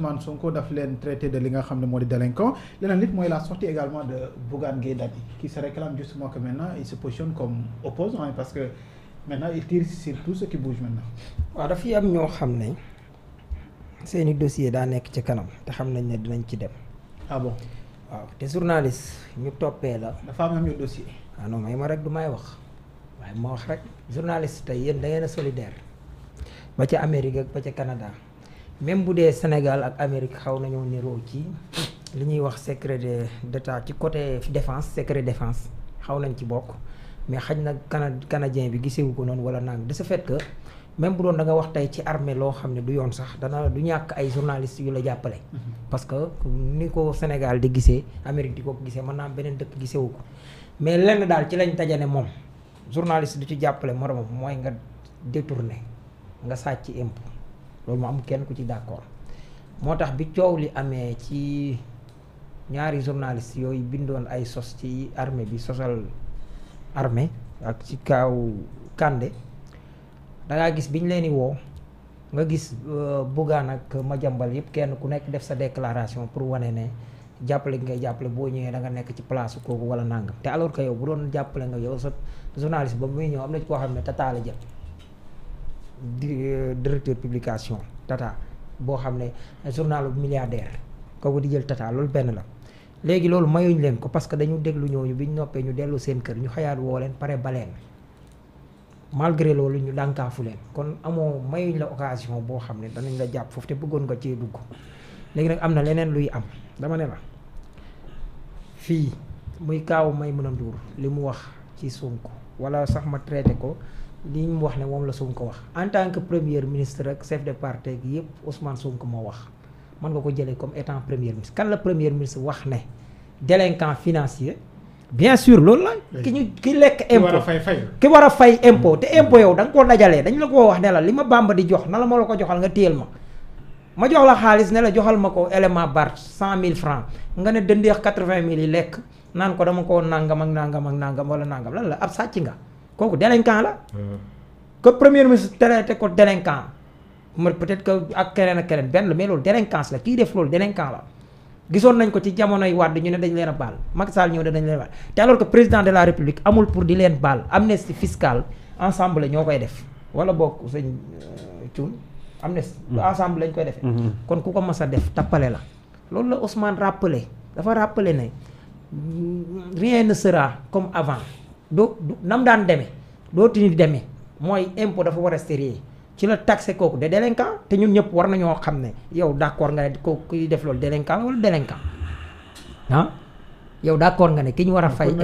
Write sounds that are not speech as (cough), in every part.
Ousmane Sonko daf leen traité de li nga xam ne moo di délinquant leneen nit mooy la sortie également de Bougane Gueye Dany qui se réclame justement que maintenant il se positionne comme opposant parce que maintenant il tire sur surtout ce qui bouge maintenant. waaw dafiy am ñoo xam ne seeni dossier daa nekk ci kanam te xam nañ ne dinañ ci dem. ah waaw te journaliste ñu toppee la. dafa am ñu dossier. ah non may ma rek du may wax waaye ma wax rek journaliste tey yéen da ngeen ba ca Amérique ak ca Canada. même bu dee Sénégal ak Amérique xaw nañoo niroo ci li ñuy wax secret de d'état ci côté defence secret défense xaw nañ ci bokk mais xaj na cana canadien bi gisewu ko noonu wala naan de ce fait que même bu doon da nga wax tey ci armée loo xam ne du yoon sax dana du ñàkk ay journalistes yu la jàppale. Mm-hmm. parce que ni ko Sénégal di gisee amerique di ko gisee man naa beneen dëkk gisewu ko mais lenn daal ci lañ tajane moom journaliste du ci jàppale moromam mooy nga détourné nga sàcc impôt. loolu mu am kenn ku ci d'accord moo tax bi coow li amee ci ñaari journaliste yooyu bindoon ay sos ci armée bi sosal armée ak ci kaaw Kandé dangaa gis bi ñu leen di woo nga gis euh, Bougane ak Madiambal yëpp kenn ku nekk def sa déclaration pour wane ne jàppale gi ngay jàppale boo ñëwee da nga nekk ci place kooku wala nangam te alors que yow bu doon jàppale nga yow sa journaliste ba muy ñëw am na ci koo xam ne te la jël Euh, directeur publication Tata boo xam ne euh, journal milliardaire kooku di jël Tata loolu benn la. léegi loolu mayuñ leen ko parce que dañu déglu ñooñu bi ñu noppee ñu dellu seen kër ñu xayaat woo leen pare baleen malgré loolu ñu dànkaafu leen kon amoo mayuñ la occasion boo xam ne danañ la jàpp foofu te bëggoon nga cee dugg léegi nag am na leneen luy am dama ne la fii muy kaaw may mën a nduur li mu wax ci Sonko wala sax ma traité ko li ñu wax ne moom la Sonko wax en tant que première ministre rek chef de parti gi yëpp Ousmane Sonko moo wax mën nga ko jëlee comme étant premier ministre kan la premier ministre wax ne délinquant financier bien sûr loolu la ki ñu ki lekk impôt ki war a fay impôt te mm. impôt yow da nga koo dajalee dañ la koo wax ne li ma Bamba di jox na la moo la ko joxal nga téyel ma ma jox la xaalis ne la joxal ma ko élément bar cent mille francs nga ne dëndeex quatre-vingt mille yi lekk naan ko dama koo nangam ak nangam ak nangam wala nangam lan la ab sàcc nga kooku délinquant la. Hmm. que premier ministre traité ko délinquant ma peut-être que ak keneen ak keneen benn la mais loolu délinquance la kii def loolu délinquant la. gisoon nañ ko ci jamonoy Wade ñu ne dañ leen a baal Macky Sall ñëw dañ leen baal te alors ko président de la république amul pour di leen baal amnistie fiscale ensemble ñoo koy def wala bokk sëñ euh, Thioune amnistie hmm. ensemble lañ koy defee. Hmm. kon ku ko mas a def tappale la. loolu la Ousmane rappelé dafa rappelé ne rien ne sera comme avant. du du nam daan demee dootu ñu demee mooy impôt dafa war a sérieux ci la taxé kooku de délinquant te ñun ñëpp war nañoo xam ne yow d' accord nga ne kooku kuy def loolu délinquant wala délinquant ah yow d' accord ne ki ñu war a fay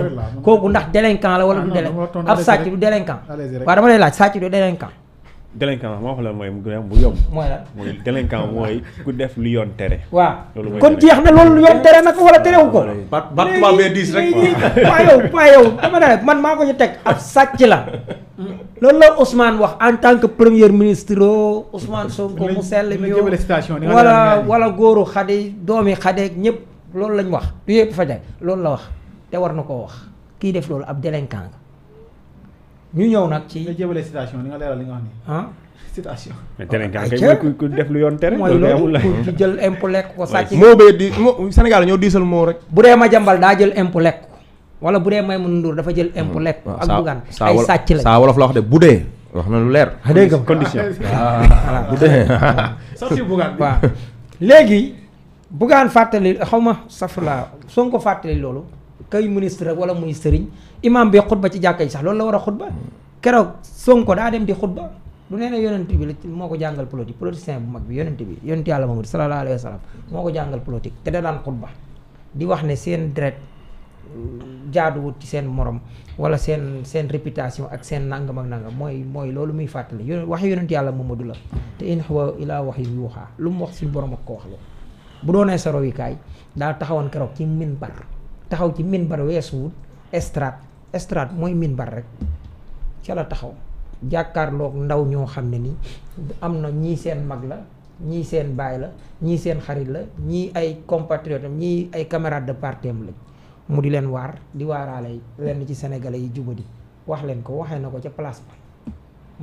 kooku ndax délinquant la wala du délinquant ab sàcc du délinquant waaw dama lay laaj sàcc du délinquant délinquant moo xam la mooy bu yomb. mooy lan mooy délinquant mooy ku def lu yoon tere. waaw kon jeex na loolu lu yoon tere nag wala terewu ko. bat bat maa bee diis rek waaw yow waaw yow dama ne man maa ko ci teg ab sàcc la. loolu la Ousmane wax en tant que premier ministre Ousmane Sonko mu sell mi wala wala góoru xade doomi xadeeg ñëpp loolu lañ wax. du yëpp fa jaay loolu la wax te war na koo wax kii def loolu ab délinquant. ñu ñëw nag ci. nga jëbale citation li nga leeral li nga wax nii. ah citation. mais tere nga ah, kay ku def lu yoon tere. mooy loolu ku jël impôt ko sàcc. moo bee di moo Sénégal ñoo diisal moo rek. bu dee ma jàmbal daa jël impôt lekk bu dee may mun nduur dafa jël impôt mm. lekk. ak bugaan ay sàcc lañ saa wolof la wax de bu dee. wax na lu leer. Ah, dégg nga ah, voilà bu dee. (laughs) sorti bugaan bi waaw léegi. bugaan fàttali xaw ma safla soo ko fàttali loolu. kay ministre rek wala muy sëriñ imam bi xutba ci jàkka yi sax loolu la war a xutba keroog Sonko daa dem di xutba du nee na yonent bi la moo ko jàngal politique politicien bu mag bi yonent bi yonent yàlla Muhammad sallallahu alayhi wa moo ko jàngal politique te da daan xutba di wax ne seen deret euh, jaaduwut ci seen morom wala seen seen réputation ak seen nangam ak nangam mooy mooy loolu muy fàttali yon wax yonent yàlla Muhammadu la te in lu mu wax si borom ak ko wax la bu doonee sa royukaay daa taxawoon keroog ci minbar taxaw ci minbar weesuwut estrade estrade mooy minbar rek ca la taxaw jàkkaarloog ndaw ñoo xam ne ni am na ñii seen mag la ñii seen baay la ñii seen xarit la ñii ay compatriotes ñii ay camarades de parti am lañ mu di leen waar di waaraale lenn ci sénégalais yi di wax leen ko waxee na ko ca place ba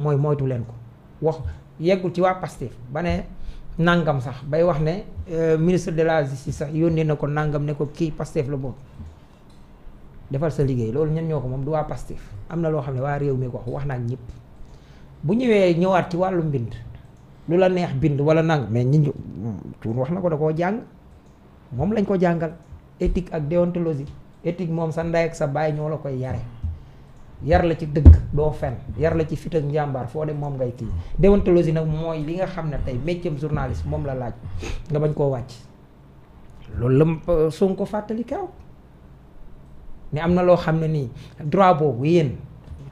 mooy moytu leen ko wax yeggul ci waa Pastef ba ne nangam sax bay wax ne euh, ministre de la justice sax yónnee na ko nangam ne ko kii Pastef la bokk defal sa liggéey loolu ñen ñoo ko moom du waa Pastef am na loo xam ne waa réew mi ko wax wax naa ñëpp bu ñëwee ñëwaat ci wàllu mbind lu la neex bind wala nang mais ñi ñu tuun wax na ko da koo jàng moom lañ ko jàngal éthique ak déontologie éthique moom sa ndey ak sa baay ñoo la koy yare yar la ci dëgg doo fen yar la ci fit njàmbaar foo dem moom ngay kii déontologie nag mooy li nga xam ne tey métier journaliste moom la laaj nga bañ koo wàcc loolu la euh, Sonko fàttali kaw ne am na loo xam ne nii droit boobu yéen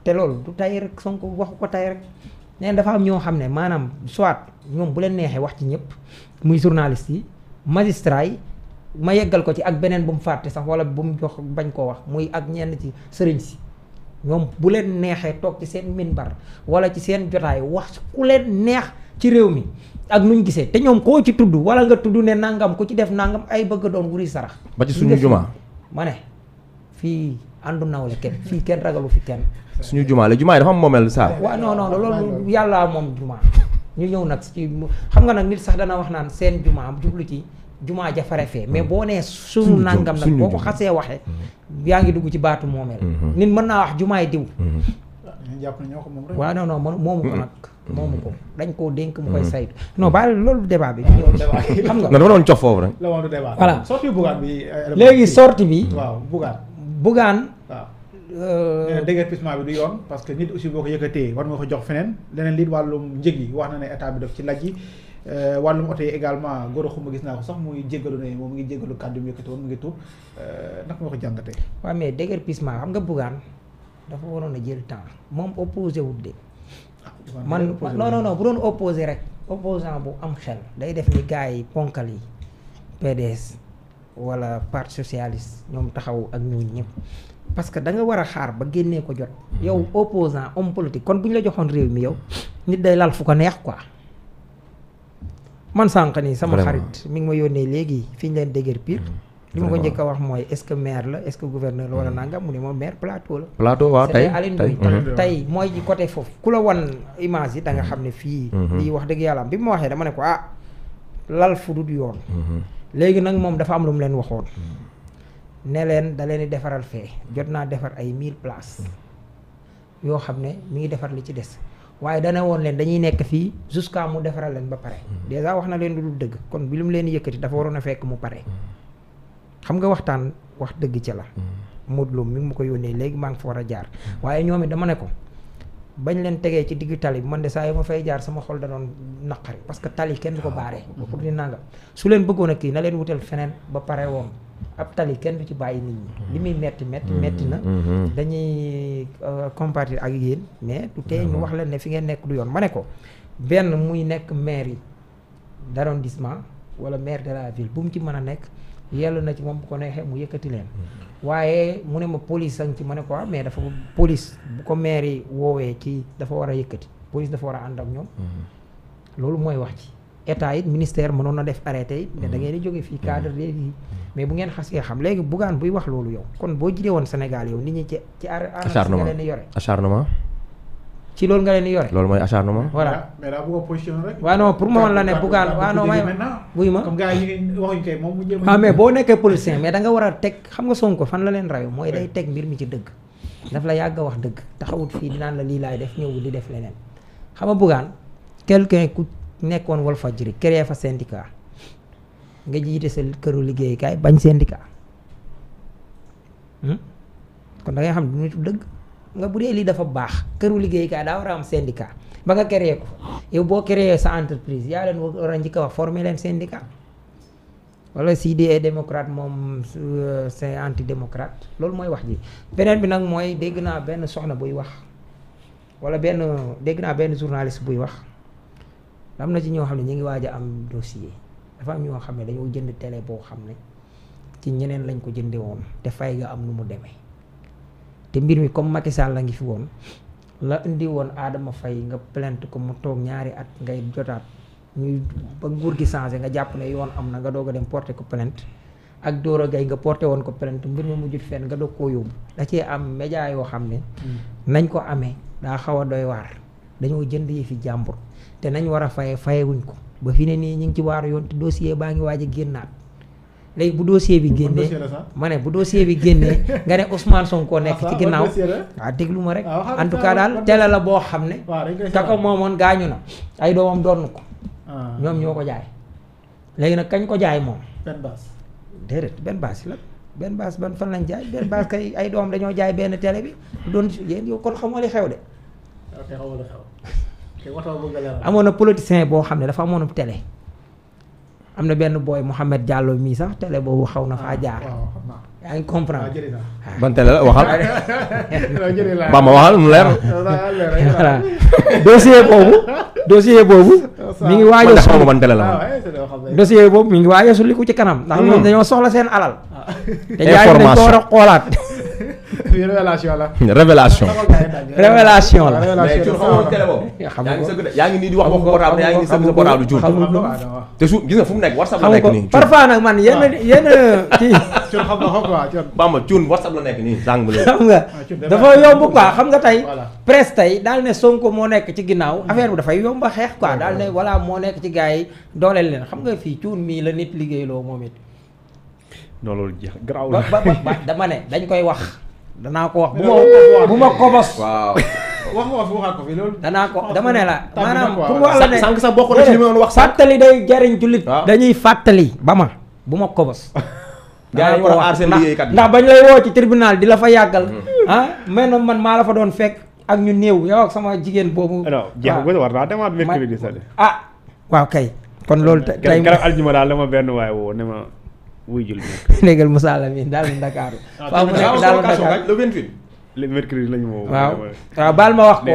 te loolu du tay rek Sonko waxu ko tay rek neen dafa am ñoo xam ne maanaam soit ñoom bu leen neexee wax ci ñëpp muy journaliste yi magistrat ma yeggal ko ci ak beneen bu mu fàtte sax wala bu jox bañ koo wax muy ak ñenn ci sëriñ si ñoom bu leen neexee toog ci seen minbar wala ci seen jotaay wax ku leen neex ci réew mi ak nuñ gisee te ñoom koo ci tudd wala nga tudd ne nangam ku ci def nangam ay bëgg doon wuri sarax. ba ci suñu jumaa ma ne fii àndu nawle kenn fii kenn ragalu fi kenn. suñu jumaa la jumaa yi dafa moomeel saa. waaw non loolu yàlla moom jumaa ñu ñëw nag ci xam nga nag nit sax dana wax naan seen jumaa jublu ci. jumaa ja fare fee mais mm-hmm. boo nee suñu nangam nag boo ko xasee waxee mm-hmm. yaa ngi dugg ci baatu moomeel mm-hmm. nit mën naa wax jumaay diw jàpp na ñoo ko moom rek waaw non non moomu ko nag moomu ko dañ koo dénk mu koy saytu non baal loolu (laughs) débat bi xam nga dama doon cof foofu rek la woon du débat voilà sorti bugaan bi euh, léegi sorti bi waaw bugaan bugaan waaw euh, déguerpissement bi du yoon parce que nit aussi boo ko yëkkatee war nga ko jox feneen leneen liit wàllum njëg yi wax na ne état bi def ci laj yi Euh, wàllum oto yi également góor xuma gis naa ko sax muy jéggalu ne moom mu ngi jéggalu kàddu mu yëkkati woon mu ngi tuub euh, naka nga ko jàngatee. mais déguerpissement xam nga Bougane dafa waroon a jël temps moom opposé wut de. Ah, man non non bu doon opposé rek. opposant bu am xel day def ni gars yi ponkal yi PDS wala parti socialiste ñoom taxaw ak ñooñu ñëpp parce que da nga war a xaar ba génnee ko jot mm-hmm. yow opposant homme politique kon bu ñu la joxoon réew mi yow nit day lal fu ko neex quoi man sànq nii sama xarit mi ngi ma yónnee léegi fi ñu leen dégër pire. Mm-hmm. li ma ko njëkk a wax mooy est-ce que maire la est-ce que gouverneur la wala mm-hmm. nangam mu ne moom maire plateau la. plateau waaw mm-hmm. tey tey mooy ji côté foofu. ku la wan image yi da nga xam ne fii. lii wax dëgg yàlla bi mu waxee dama ne ko ah lal fu dul yoon. léegi nag moom dafa am lu mu leen waxoon. ne leen da leen di defaral fee jot naa defar ay mille place yoo xam ne mi ngi defar li ci des. waaye dana woon leen dañuy nekk fii jusqu'à mu defaral leen ba pare mm-hmm. dèjà wax na leen lu dul dëgg kon bi lu mu leen yëkkati dafa waroon a fekk mu pare mm-hmm. xam nga waxtaan wax dëgg ci la mm-hmm. Modou Lo mu ngi ma ko yónnee léegi maa ngi fa war a jaar waaye ñoom it dama ne ko bañ leen tegee ci digg tali bi man de saa yu ma fay jaar sama xol danoon doon naqari parce que tali kenn du ko ah. baaree pour ni nangam su leen bëggoon a kii na leen wutal feneen ba pare woon ab tali kenn du ci bàyyi nit ñi. li muy metti metti mm-hmm. metti na. Mm-hmm. dañuy euh, compatir ak yéen mais te tee mm-hmm. wax leen ne fi ngeen nekk du yoon ma ne ko benn muy nekk maire yi d'arrondissement wala maire de la ville bu mu ci mën a nekk yellu na ci moom bu ko neexee mu yëkkati leen. waaye mu ne ma police sañ ci ma ne ko ah mais dafa police bu ko maire yi woowee ci dafa war a yëkkati police dafa war a ànd ak ñoom. loolu mooy wax ci état it ministère mënoon na def arrêté it. ne da mm-hmm. ngeen di jóge fii mm-hmm. cadre léegi. mais bu ngeen xasee xam léegi bugaan buy wax loolu yow. kon boo jëlee woon Sénégal yow nit ñi ci ci. acharnement nga leen di yore acharnement. ci loolu nga leen di yore. loolu mooy acharnement. voilà a position rek. waaw non pour ma woon la ne bugaan waaw non may ma moom mu ah mais boo nekkee politicien mais danga war a teg xam nga Sonko fan la leen raw mooy day teg mbir mi ci dëgg. daf la yàgg a wax dëgg taxawut fii dinaan la lii laay def ñëw di def leneen xam nga bugaan nekkoon Walfadjri créé fa syndicat nga jiite sa këru liggéeykaay bañ syndicat hmm? kon da ngay xam du nitu dëgg nga bu dee lii dafa baax këru liggéeykaay daa war a am syndicat ba nga créé ko yow boo créé sa entreprise yaa leen war a njëkk a wax former leen syndicat wala si dee moom euh, c'est anti démocrate loolu mooy wax ji beneen bi nag mooy dégg naa benn soxna buy wax wala benn dégg naa benn journaliste buy wax am na ci ñoo xam ne ñu ngi waaj a am dossier dafa am ñoo xam ne dañoo jënd télé boo xam ne ci ñeneen lañ ko jëndee woon te fay nga am nu mu demee te mbir mi comme Macky Sall la ngi fi woon la indi woon aadama fay nga plainte ko mu toog ñaari at ngay jotaat ñuy ba nguur gi changé nga jàpp ne yoon am na nga doog a dem porté ko plainte ak Doro gay nga porté woon ko plainte mbir ma mujjut fenn nga doog koo yóbbu da cee am média yoo xam ne mm. nañ ko amee daa xaw a doy dañoo jënd yi fi jàmbur te nañ war a faye wuñ ko ba fi ne nii ñu ngi ci waaru yoon te dossier baa ngi waaj a génnaat léegi bu dossier bi génnee ma ne bu dossier bi génnee (laughs) nga ne Ousmane Sonko nekk ci ah, ginnaaw waaw ah, déglu ma rek ah, en tout cas tele la boo xam ne ka ko moomoon gaañu na ay doomam donn ko ñoom ñoo ko jaay léegi nag kañ ko jaay moom déedéet benn baas la benn baas ban fan lañ jaay benn baas ay doom dañoo jaay benn télé bi doon yéen yow kon xamoo li xew de (laughs) amoon na politicien boo xam ne dafa amoon télé. am na benn booy Mouhamed Diallo mii sax télé boobu xaw na faa jaar. Ah, yaa ngi comprendre. Ah, ah. ban télé la waxal. (laughs) ba ma waxal mu leer. voilà dossier boobu. dossier boobu. mi ngi waaj a suli ban la dossier boobu mi ngi waaj a ci kanam. ndax ñoom hmm. dañoo soxla seen alal. te jaay nañ (laughs) révélation la. révélation révélation la. Eh, xam nga yaa ngi nii wax waxu portable yaa sa portable jur. te mu nekk WhatsApp la nekk nii. parfois nag man yenn ah. yenn kii. cun (laughs) xam nga ko quoi la nekk nii sàng bi xam nga ah, dafa yomb quoi xam nga tey. presse tey daal ne Sonko moo nekk ci ginnaaw mm. affaire bi dafay yomb xeex quoi mm. daal ne voilà moo nekk ci gars yi dooleel leen xam nga fii cun mii la nit liggéeyloo moom it. non loolu jeex garaaw la ba ba dama ne dañ koy wax. (laughs) danaa ko wax bu ma bu ma (laughs) ko bos. waaw ko danaa ko dama ne la. maanaam pour wax la ne sànq sax bokk na ci li wax. fàttali day jariñ jullit. Ah. dañuy fàttali ba ma bu ma (laughs) ko bos. gaa yi war a aar ndax bañ lay woo ci tribunal di la fa yàggal. Hmm. ah mel na man maa la fa doon fekk ak ñu néew yow ak sama jigéen boobu. waaw ah, jeexagul ah. war naa demaat mercredi ah waaw kay. kon loolu tey keroog aljuma daal la benn waay woo ne ma. wuy jul nekk. négal (laughs) Moussa Lamine daal di ah, mu nekk ma waaw waaw baal ma wax ko.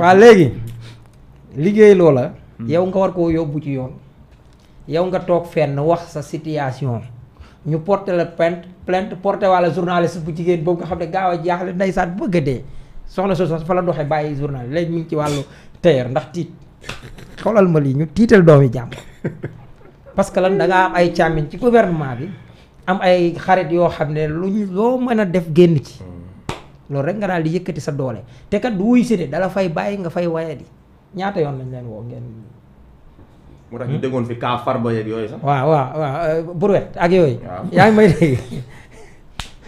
waaw léegi. liggéey loola. Hmm. yow nga war koo yóbbu ci yoon. yow nga toog fenn wax sa situation. ñu porté la plainte plainte porté wala journaliste bu jigéen boobu nga xam ne gaaw a jaaxle ndeysaan bëgg a dee soxna soo fa la doxee bàyyi journal léegi mu ngi ci wàllu teer ndax tiit xoolal ma lii ñu tiital doomi jàmm (laughs) parce que lan da am ay càmmiñ ci gouvernement bi am ay xarit yoo xam ne lu ñu loo mën a def génn ci. Mm. loolu rek nga daal di yëkkati sa doole te kat du wuy si de dala fay bàyyi nga fay waye di ñaata yoon lañ leen woo ngeen. moo tax ñu hmm? déggoon fi kaa farba yeeg yooyu sax. waa waa waaw euh, brouette ak yooyu. yaa ngi may dégg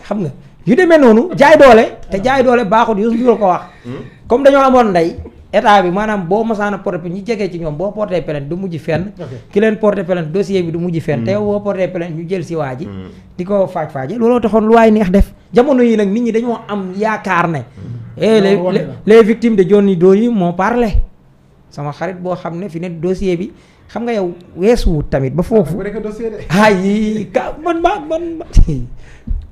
xam nga yu demee noonu jaay doole. te ah. jaay doole baaxut Youssou Ndour ko wax. Hmm? comme dañoo amoon ndey. état bi maanaam boo masaana porté ñi jegee ci ñoom boo porté plainte du mujj fenn ki leen porté plainte dossier bi du mujj fenn mm. te yow boo porté plainte ñu jël si waa ji mm. di ko faaj faaj looloo taxoon lu waay neex def jamono yi nag nit ñi dañoo am yaakaar ne mm. eh les les victimes de Johnny Doe yi moo parlé sama xarit boo xam ne fi ne dossier bi xam nga yow weesuwut tamit ba foofu ah, ay ka man ma man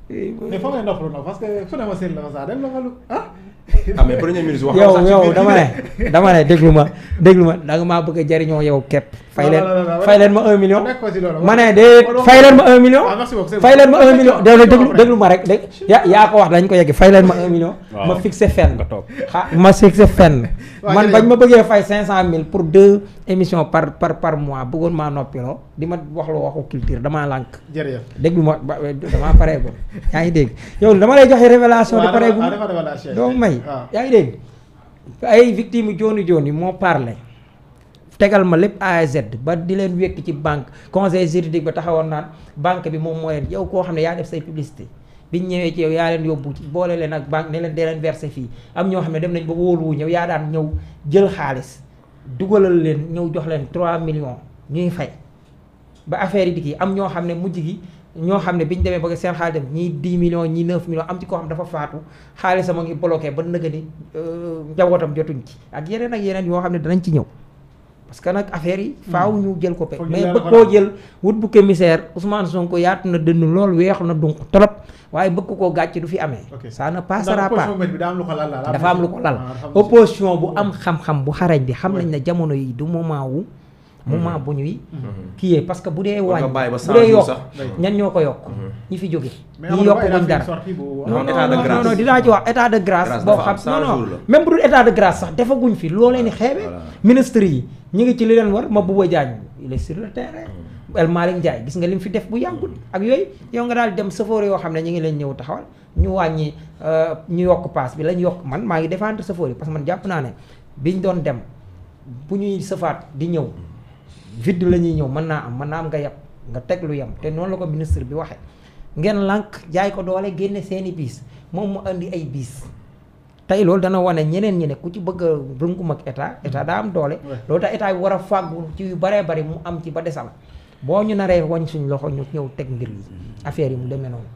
mais foo ngay noppalu nag que fu ne ma seen la ah mais dama ne (laughs) dama ne déglu ma déglu ma da nga maa bëgg a jariñoo yow képp. fay leen fay leen ma 1 million. ma ne déet fay leen ma 1 million. fay leen ma 1 million déedéet déglu déglu ma rek dégg ya yaa ko wax dañ ko yegg fay leen ma 1 million. ma fixé fenn. ma fixé fenn. man bañ ma bëggee fay 500000 pour deux émission par par par mois bëggoon maa noppiloo di ma wax loo waxu culture damaa lànk. jërëjëf déglu ma ba damaa pareegul yaa ngi dégg yow dama joxe révélation di pareegul ah, doo may ah. yaa ngi dégg. ay victimes jooni jooni moo parlé tegal ma lépp AZ ba di leen wekk ci banque conseil juridique ba taxawoon naan banque bi moom moo leen yow koo xam ne yaa def say publicité. biñ ñëwee ci yow yaa leen yóbbu ci boole leen ak banque ne leen dee leen versé fii am ñoo xam ne dem nañ ba wóolu wu ñëw yaa daan ñëw jël xaalis. dugalal leen ñëw jox leen 3 millions ñuy fay ba affaire yi di am ñoo xam ne mujj gi ñoo xam ne bi ñu demee ba seen xaalis dem ñii 10 millions ñii 9 millions am ci ko xam dafa faatu xaalis sama ngi bloqué ba nëgë ni euh, njabootam jotuñ ci ak yeneen ak yeneen yoo xam ne danañ ci ñëw. parce que nag affaire yi. faaw hmm. ñu jël ko pe mais bëgg koo jël wut bu commissaire Ousmane Sonko yaatu na dënn lool weexu na donc trop waaye bëgg koo gàcce du fi amee. ça ne passera ah, dafa am lu ko lal opposition bu am xam-xam bu xarañ bi xam nañ ne jamono yi du moment wu. Hmm. moment bu ñuy. Hmm. kii parce que bu dee wàññi bu dee yokk ñan ñoo ko yokk. ñi fi jóge ñi yokk buñ dara non non non dinaa ci wax état de grâce boo xam non non état de grâce sax defaguñ fi loo leen xeebe ministre yi ñu ngi ci li leen war ma Bouba Diagne il est sur le terrain mm. El Malick Ndiaye gis nga lim fi def bu yàggul mm. ak yooyu yow nga daal dem safoor yoo xam ne ñu ngi leen ñëw taxawal ñu wàññi euh, ñu yokk paas bi lañ yokk man maa ngi défendre safoor yi parce que man jàpp naa ne bi ñu doon dem bu ñuy safaat di ñëw vide la ñuy ñëw mën naa am man naa am nga yab nga teg lu yem te noonu la ko ministre bi waxee ngeen lànk jaay ko doole génne seeni biis moom mu indi ay biis tey loolu dana wane ñeneen ñi ne ku ci bëgg a rëngum ak état état daa am doole loolu tax état bi war a fàggu ci yu baree bari mu am ci ba desal boo ñu naree wañ suñ loxo ñu ñëw teg ngir yi affaire yi mu demee noonu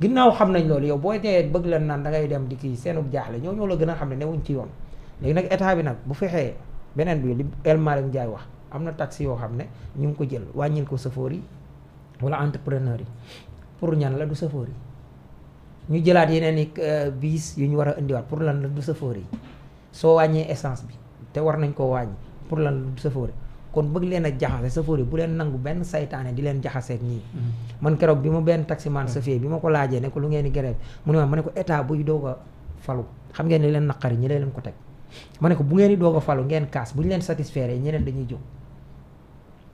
ginnaaw xam nañ loolu yow boo dee bëgg leen naan da ngay dem di kii seenub jaaxle ñoo ñoo la gën a xam ne newuñ ci yoon léegi nag état bi nag bu fexee beneen bi li El njaay wax am na taxi yoo xam ne ñu ngi ko jël wàññil ko chauffeur yi wala entrepreneur yi pour ñan la du chauffeur yi ñu jëlaat yeneen i biis euh, yu ñu war a indiwaat pour lan la du sëfoor yi soo wàññee essence bi te war nañ koo wàññi pour lan lu du sëfoor yi kon bëgg leen a jaxase sëfoor yi bu leen nangu benn saytaane di leen jaxaseek ñii mm. man keroog bi ma benn taximaan mm. sëfee bi ma ko laajee ne ko lu ngeen di grève mu ne ma ma ne ko état buy doog falu xam ngeen ne leen naqari ñi leen ko teg ma ne ko bu ngeen di doog falu ngeen kaas bu ñu leen satisfaire ñeneen dañuy jóg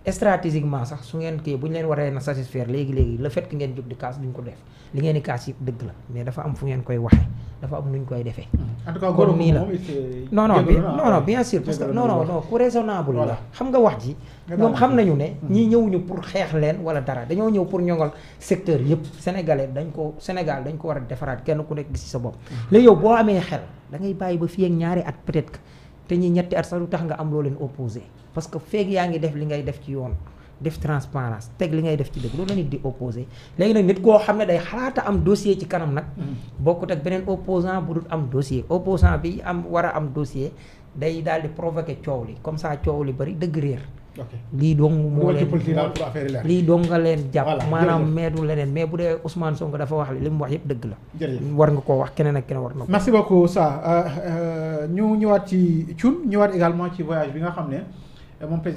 stratégiquement sax su ngeen kii bu ñu leen waree na satisfaire léegi léegi le fait que ngeen jóg di kaas duñ ko def li ngeen di kaas yëpp dëgg la mais dafa am fu ngeen koy waxee dafa am nuñ koy defee. Hmm. en tout cas góor nii la euh, ah, bien sûr parce que non non ku raisonnable la xam nga wax ji ñoom xam nañu ne ñii hmm. ñëwuñu pour xeex leen wala dara dañoo ñëw pour ñongal secteur yëpp sénégalais dañ ko Sénégal dañ ko war defaraat kenn ku nekk gis sa bopp hmm. léegi yow boo amee xel da bàyyi ba fii ñaari at peut te ñi ñetti at sax lu tax nga am loo leen opposé parce que feeg yaa ngi def li ngay def ci yoon def transparence teg li ngay def ci dëgg loolu la nit di opposé léegi nag nit koo xam ne day xalaata am dossier ci kanam nag mm. bokkut ak beneen opposant bu dul am dossier opposant bi am war a am dossier day daal di provoqué coow li comme ça coow li bari dëgg réer lii dong moo leen lii dong nga leen jàpp maanaam meedu leneen mais bu dee Ousmane Sonko dafa wax li mu wax yëpp dëgg la war nga koo wax keneen ak keneen war na ko merci beaucoup ça euh, euh, ñu ñëwaat ci Thioune ñëwaat également ci voyage bi nga xam ne euh,